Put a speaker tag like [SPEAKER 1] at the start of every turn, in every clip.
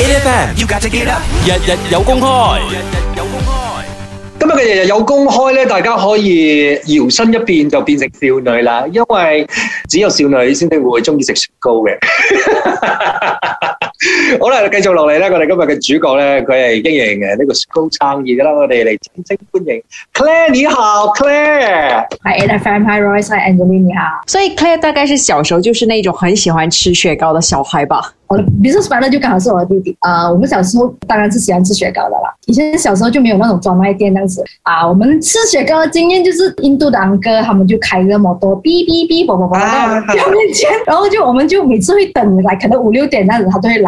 [SPEAKER 1] A F M 要架隻機啦！日日有公開，今日嘅日日有公開咧，大家可以搖身一變就變成少女啦，因為只有少女先會中意食雪糕嘅。好啦，繼續落嚟咧，我哋今日嘅主角咧，佢係經營誒呢、這個雪糕生意
[SPEAKER 2] 啦，我哋嚟掌聲歡迎 Claire 你好，Claire。Hi Edie，Hi Royce，Hi Angelina 所以 Claire 大概是小時候就是那種很喜歡吃雪糕的小孩吧？我呢個
[SPEAKER 3] business partner 就剛好是我的弟弟。啊、uh,，我們小時候當然是喜歡吃雪糕的啦。以前小時候就沒有那種專賣店，當時啊，uh, 我們吃雪糕的經驗就是印度的阿哥，他們就開、uh huh. 那麼多嗶嗶嗶啵啵啵喺我面前，然後就我們就每次會等，來、like, 可能五六點嗰陣時，他都會來。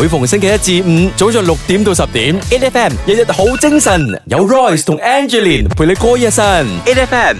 [SPEAKER 1] 每逢星期一至五，早上六點到十點，A F M 日日好精神，有 Royce 同 Angeline 陪你過一晨，A F M。